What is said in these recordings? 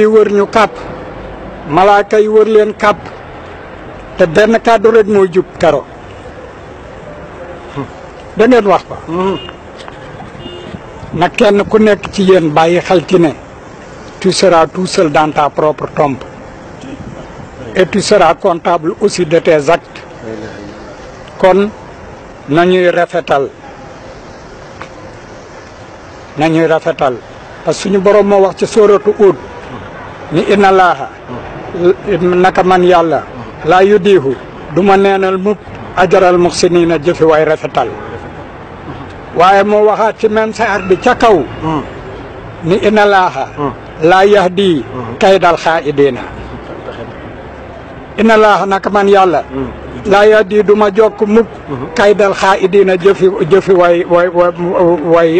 yi wër ñu kàpp malaaka yi wër leen kàpp te benn kàddu rek mooy jub karo hmm. da wax ko hmm. na kenn ku nekk ci yéen bàyyi xaltine ci ne tu seras tout seul propre tombe et tu seras comptable aussi de tes actes kon nañuy rafetal nañuy rafetal parce que ñu borom moo wax ci sóoratu Hud ni inna laaha naka man yàlla laa yudiihu du neenal mukk ajaral muxsiniina jëfi way rafetal waaye moo waxaat ci même saar bi ca kaw ni inna laaha laa yahdi kaydal xaa'idiina inna laaha naka man yàlla laa yahdi du jokk mukk kaydal xaa'idiina jëfi jëfi way way way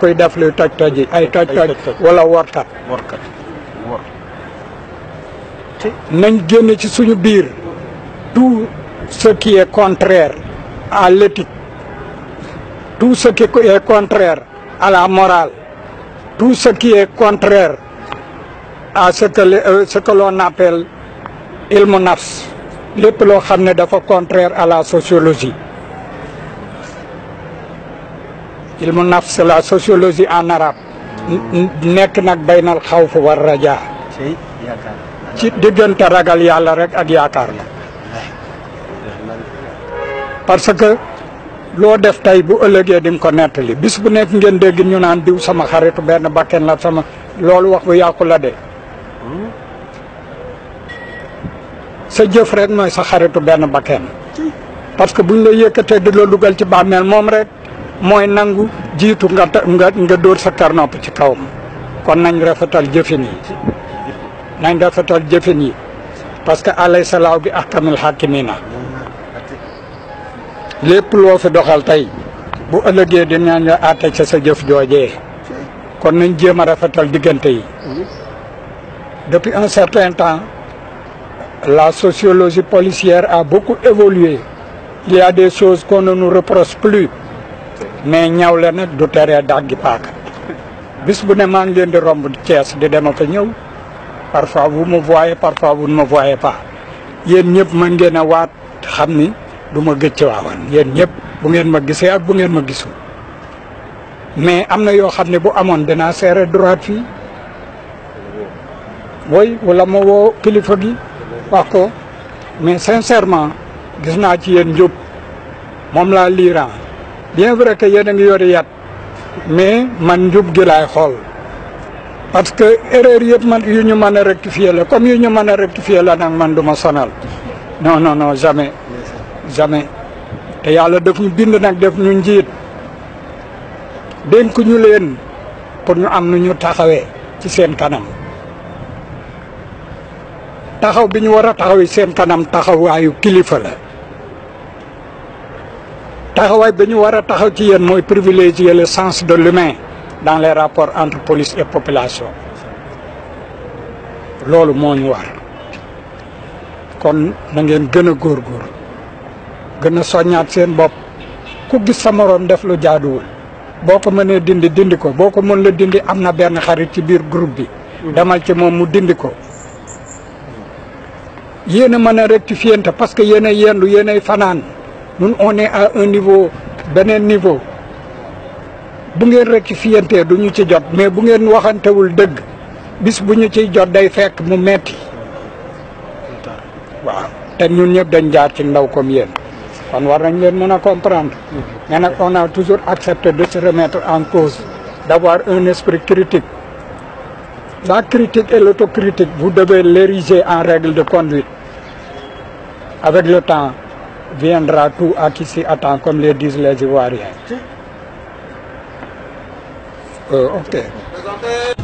kuy def lu toj toji ay toj toj wala workat nañ génn ci suñu biir tout ce qui contraire à l'éthique tout ce qui contraire à la morale tout ce qui contraire à ce que euh, ilmu nafs lépp loo xam ne dafa contraire à la sociologie ilmu nafs c'est la sociologie en arabe nekk nag bay baynal xaw fu war rajaa ci diggante ragal yàlla rek ak yaakaar la parce que loo def tey bu ëllëgee di nga ko nettali bis bu nekk ngeen dégg ñu naan diw sama xaritu benn bakken la sama loolu wax bu yàqu la de sa jëf rek mooy sa xaritu benn bakken parce que buñ la yëkkatee di la dugal ci bàmmeel moom rek mooy nangu jiitu nga nga nga dóor sa karnopp ci kawam kon nañ rafetal jëfin yi nañ rafetal jëfin yi parce que sa salaaw bi ahkamil na lépp loo fi doxal tey bu ëllëgee dinañ la àtte ca sa jëf joojee kon nañ jéem a rafetal diggante yi depuis un certain temps la sociologie policière a beaucoup évoluer il a des choses qu'on ne nous reproche plus mais ñaw la nag du teree dàggi paaka bis bu ne maa ngi leen di romb Thiès di dem ak a ñëw parfois vous me voyez parfois vous ne me voyez pas yéen ñëpp mën ngeen a waat xam ni du ma gëj waawan yéen ñëpp bu ngeen ma gisee ak bu ngeen ma gisul mais am na yoo xam ne bu amoon dinaa seere droit fii woy walla ma woo kilifa gi wax ko mais sincèrement gis naa ci yéen njub moom laa liiran bien vrai que yeneen a ngi yori yat mais man njub gi laay xool parce que erreur yëpp man yu ñu mën a rectifier la comme yu ñu mën a rectifier la nag man du ma sonal non non non jamais jamais te yàlla daf ñu bind nag def ñu njiit dénk ñu leen pour ñu am nu ñu taxawee ci seen kanam taxaw bi ñu war a taxaw seen kanam taxawaayu kilifa la taxawaay ba ñu war a taxaw ci yéen mooy privilégier le sens de l'humain dans les rapport entre police et population loolu moo ñu war kon na ngeen gën a góorgóor gën a soññaat seen bopp ku gis sa moroom def lu jaaduwul boo ko mënee dindi dindi ko boo ko mën la dindi am na benn xarit ci biir groupe bi demal ci moom mu dindi ko yéen a mën a rectifier parce que yéen yendu yéen fanaan ñun on est à un niveau beneen niveau bu ngeen rectifiantee du ñu ci jot mais bu ngeen waxantewul dëgg bis bu ñu ciy jot day fekk mu metti waaw te ñun ñëpp dañ jaar ci ndaw comme yéen kon war nañ leen mën a comprendre mais nag on a toujours accepté de se remettre en cause d'avoir un esprit critique la critique et l'autocritique vous devez l'ériger en règle de conduite avec le temps viendra tout à qui s'y attend, comme le disent les Ivoiriens. Euh, ok.